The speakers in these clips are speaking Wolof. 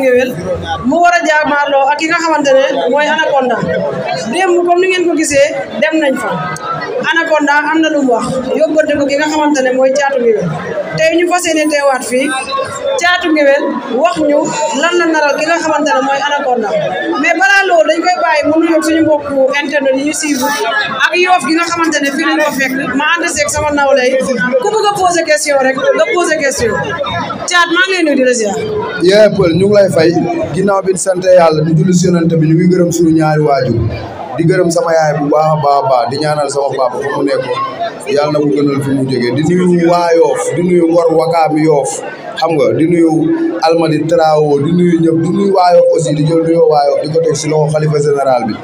ngewel mu war a jaamaarloo a ki nga xamante ne mooy anaconda démb comme ni ngeen ko gisee dem nañ fa anaconda am na lu mu wax yóbbante ko ki nga xamante ne mooy caatu ngewel tey ñu fas yéene teewaat fii caatu ngewel wax ñu lan la naral ki nga xamante ne mooy anaconda mais balaa loolu dañ koy bàyyi mu nuyoog suñu mbokku internet yi ñu suivre ak yoof gi nga xamante ne fii lañ ko fekk ma ànd seeg sama nawle yi ku bëgg a poser question rek nga poser question caat maa ngi lay di la ziar. yéen pël ngi lay fay ginnaaw bi sant yàlla di julli si yonent bi ñu ngi gërëm suñu ñaari waajur di gërëm sama yaay bu baax a baax di ñaanal sama papa fu mu nekkoon yàlla na mu gënal fi mu jógee di nuyu waa yoof di nuyu ngor wakaami yoof xam nga di nuyu almadi trao di nuyu ñëpp di nuyu waa yoof aussi di jël nuyoo waa yoof di ko teg si loxo xalifa général bi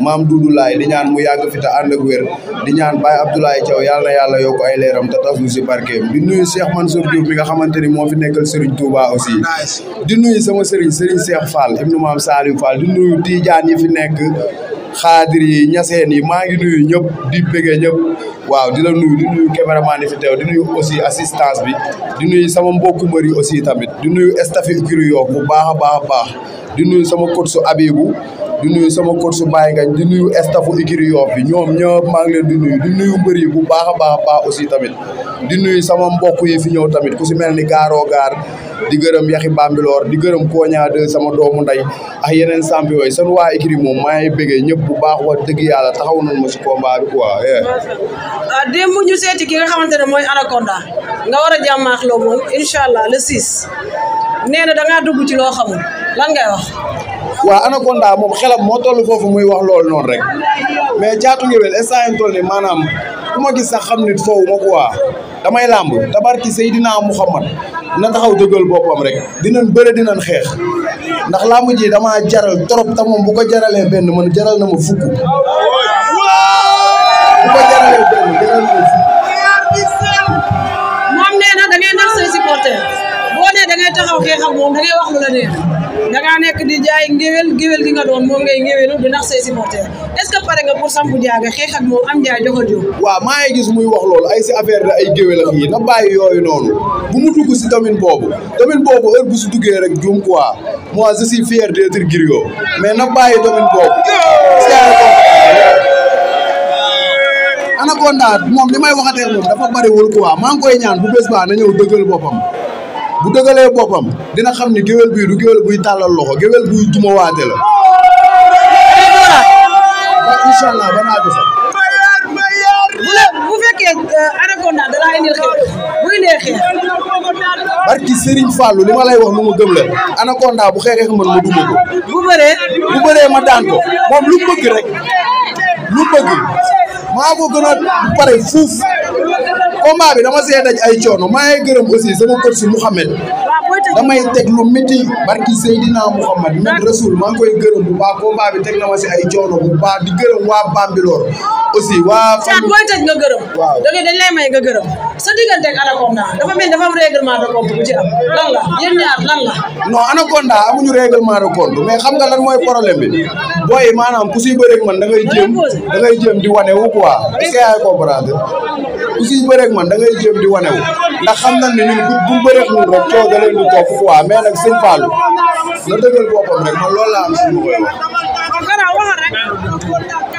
maam Doudou Laye di ñaan mu yàgg fi te ànd ak di ñaan Baye Abdoulaye Thiaw yàlla na yàlla yokk ay leeram te tas ñu si barkeem di nuyu Cheikh Mansour Diouf mi nga xamante ni moo fi nekkal Serigne Touba aussi di nuyu sama Serigne Serigne Cheikh Fall nu maam Saliou Fall di nuyu Tidiane yi fi nekk xaadir yi ñaseen yi maa ngi nuyu ñëpp di bëggee ñëpp waaw di la nuyu di nuyu caméraman yi fi teew di nuyu aussi assistance bi di nuyu sama mbokku yi aussi tamit di nuyu staff yi kiri bu baax a baax a baax di nuyu sama coach su di nuyu sama coach su baye Ngagne di nuyu staffu écurie Yoff bi ñom ñepp ma ngi leen di nuyu di nuyu mbër bu baaxa baaxa ba aussi tamit di nuyu sama mbokk yi fi ñew tamit ku ci melni garo gar di gërëm yahi bambilor di gërëm koña de sama doomu nday ak yenen sambi yooyu seen wa écurie moom may bege ñepp bu baax wa deug yàlla taxaw nañ ma ci combat bi quoi eh. ah, démb ñu seeti ki nga xamantene moy Anaconda nga wara a lo loo inshallah le 6 neena da nga dugg ci lo xamul lan ngay wax waaw Anaconda moom xelam moo toll foofu muy wax loolu noonu rek mais Caatu Ngéwél instant yi maanaam ku ma gis sax xam nit foofu ma ko waa damay làmb tabarki Seydina Muhammad na taxaw dëggal boppam rek dinañ bëre dinañ xeex ndax làmb ji damaa jaral trop te moom bu ko jaralee benn man jaral na ma fukk bu ko jaralee benn jaral na moom nee na da ngay nax say supporter boo nee taxaw xeex moom da ngay wax lu nekk di jaay ngéwél ngéwél gi nga doon moom ngay ngéwélu di nax say supporter est-ce que pare nga pour sampu jaaga xeex ak moom am jaay jox ko waaw maa ngi gis muy wax loolu ay si affaire la ay géwél ak yi na bàyyi yooyu noonu bu mu dugg si domaine boobu domaine boobu heure bu si duggee rek juum quoi moi je suis fier d'être griot mais na bàyyi boobu. Anaconda moom li may waxatee moom dafa bëriwul quoi maa ngi koy ñaan bu bés baa na ñëw dëggal boppam bu dëggalee boppam dina xam ni géwél bii du géwél buy tàllal loxo géwél buy dumawaate la. ba incha allah bu fekkee euh, Anaconda da laa bu indee xeex. barki Serigne Fallou li ma lay wax nu ma gëm la Anaconda bu xeexee man ma duma ko. bu bëree. bu ma daan moom lu bëgg rek lu bëgg. maa ko gën a pare fuuf combat bi dama see daj ay coono maa ngi gërëm aussi sama coach si Mouhamed damay teg lu métti barki Seydina Mouhamed même Rasoul maa ngi koy gërëm bu baax combat bi teg na ma si ay coono bu baax di gërëm waa Bambilor aussi waa. fan booy tëj nga gërëm. waaw da ngay dañ lay may nga gërëm. sa digganteeg Anaconda dafa mel dafa am règlement de compte bu ci am lan la yéen ñaar lan la. non Anaconda amuñu règlement mais xam nga lan mooy problème bi booy yi maanaam ku siy bëreeg man da da ngay jéem di wane wu quoi est-ce man da ngay jéem di wane wu xam nañ ne ñun bu bu bëreeg ñun rek coow da leen di topp quoi mais nag na dëggal boppam rek man loolu am suñu koy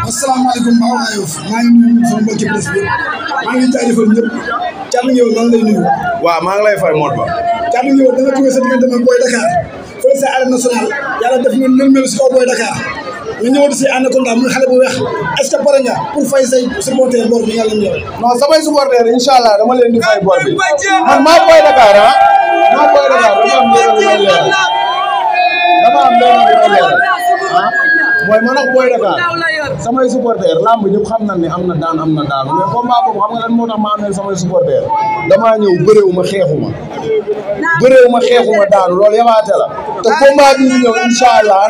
asalaamaaleykum Mbawu Ayof maa ngi nuyu sama mbokki presse bi maa ngi jaajëfal ñëpp Thiatou Nguéweul lay nuyu. waaw maa ngi lay fay Modou Ba. Thiatou Nguéweul da nga tukkee sa diggante ak Boy Dakar fële sa arène nationale yàlla def na lu mel si kaw kontaan muy xale bu weex est ce que pare fay say supporter bor bi nga leen yor. non samay supporter incha allah dama leen di fay bor bi man maa Boy Dakar ah. maa Boy Dakar dama am lenn lu ma leeral dama am lenn ma mooy man ak Boy Dakar samay supporter lamb ñëpp xam nañ ne am na daan am na daan mais combat xam nga lan moo tax ma amee samay supporter damaa ñëw bëréewu ma xeexu ma bëréewu ma xeexu ma daan loolu yabaate te combat bi ñu ñëw incha allah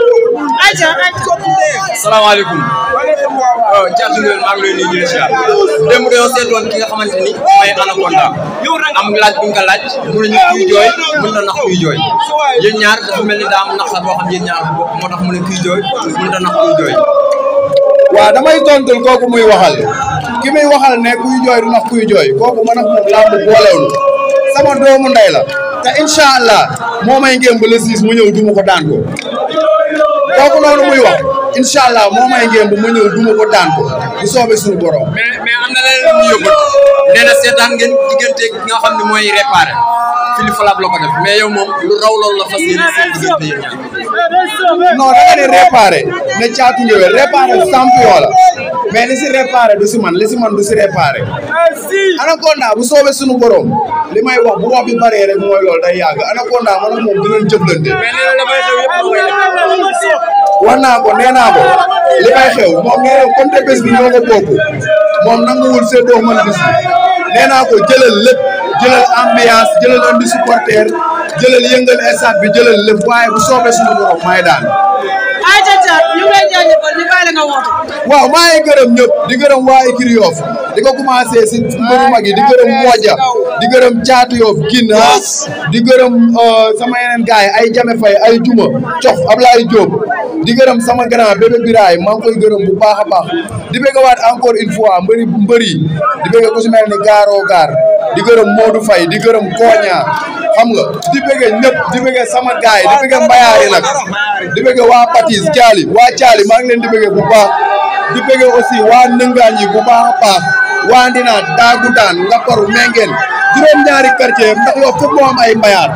salaamaaleykum. Oh, Thiatou Nguéweul maa ngi lay nuyu di la ziar. démb dañoo seetloon ki nga xamante ni may Anaconda. am laaj bu ñu ko laaj mënuñu kuy jooy mënut a nax kuy jooy yéen ñaar dafa mel boo xam yéen mu ne kuy jooy mënut a nax kuy jooy. waaw damay muy waxal ki muy waxal ne kuy jooy du nax kuy jooy kooku man ak moom laa mu boolewul sama doomu ndey la te allah moo may ngémb le mu ñëw du ma ko daan ko. kooku noonu muy wax incha allah moo may ngeen bu ma ñëw duma ko daan ko bu suñu borom. mais mais am na leneen lu seetaan ngeen diggante gi nga xam ne mooy réparé fili falaab la ko def mais yow moom lu raw loolu la fas yéene seen diggante yéen ñaar. ne réparé ne caatu ngewel réparé champion mais li si réparé du si man li si man du si réparé. Ah, anaconda bu soobee suñu borom. li may wax bu wax bi bëree rek mooy loolu day yàgg Anaconda man ak moom dinañ jëflante. mais nee na la naa ko nee naa ko li may xew moom nee na comme te bés bi ñoo ko bokk moom nanguwul seddoo man bés bi nee naa ko jëlal lépp jëlal ambiance jëlal andi supporter jëlal yëngal stade bi jëlal lépp waaye bu soobee suñu borom may daan. ayca ñu maa ngi gërëm ñëpp di gërëm waa Ikiri Yoff di ko commencé si mbëru mag yi di gërëm Modja di gërëm Caatu Yoff Gine ah, di gërëm euh, sama yeneen gars yi ay Jame Faye ay Juma Cof Ablaye Diop. di gërëm sama grand bébé biraay maa ngi koy gërëm bu baax a baax di bëgg waat encore une fois mbëri mbëri di bëgg ku si mel ni gaaroo gaar. di gërëm Modou Faye di gërëm Koña xam nga di bëgge ñëpp di bëgge sama gaay di bëgge mbayaari nag di bëgge waa Patis Thiali waa Thiali maa ngi leen di bëgge bu baax di bëgge aussi waa Nëngaan yi bu baax a baax waa Ndina Daagu Daan Ngaparu Mengeen juróom-ñaari quartier ndax yow fu moo am ay mbayaar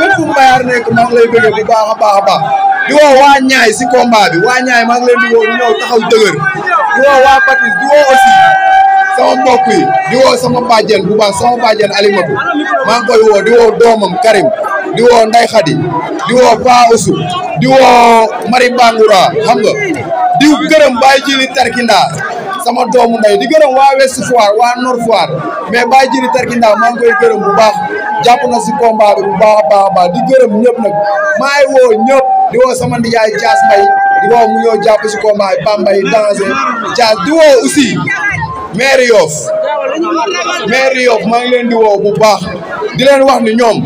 fépp fu mbayaar nekk maa ngi lay bëgge bu baax a baax a baax di woo waa Ñaay si combat waa Ñaay maa ngi leen di woo ñëw taxaw di woo waa Patis di woo aussi sama mbokk yi di woo sama bàjjen bu baax sama bàjjen alimatu maa ngi koy woo di woo doomam Karim di woo Ndeye di woo Paa Ousou di woo Mari Bangoura xam nga di gërëm Baye Jili Tarkinda sama doomu nday di gërëm waa West Foire waa Nord Foire mais Baye Jili Tarkinda maa ngi gërëm bu baax jàpp na si combat bi bu baax a baax di gërëm ñëpp nag maa ngi woo ñëpp di woo sama ndiyaay Dias Mbaye di woo mu ñëw jàpp si combat bi Bambay danger di woo aussi maire Yoff maire Yoff maa ngi leen di woo bu baax di leen wax ni ñoom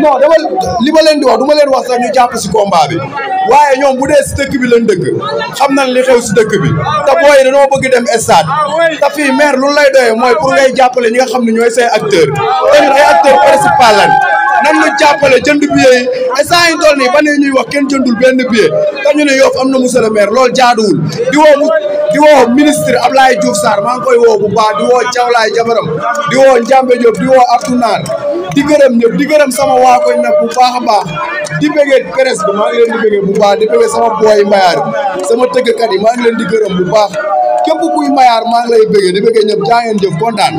non dama li ma leen di wax du ma leen wax sax ñu jàpp si combat bi waaye ñoom bu dee si dëkk bi lañ dëkk xam na li xew si dëkk bi te booy dañoo bëgg dem stade te fii maire lu lay doyee mooy pour ngay jàppale ñi nga xam ne ñooy say acteur te ñun ay acteur principal lañ nan ñu jàppale jënd billet yi instant yi nii ba ne ñuy wax kenn jëndul benn billet te ñu ne Yoff am na monsieur le maire loolu di woo ministre Ablaye Diouf Sarr maa ngi koy woo bu baax di woo Thiawlaye Jabaram di woo Ndiambe Diop di woo Abdou Naar di gërëm ñëpp di gërëm sama waa koñ nag bu baax a di bëggee presse bi maa ngi leen di bëggee bu baax di bëggee sama booy Mbayaar sama tëggkat yi maa ngi leen di gërëm bu baax képp kuy Mbayaar maa ngi lay bëggee di bëggee ñëpp jaa ngeen jëf kontaan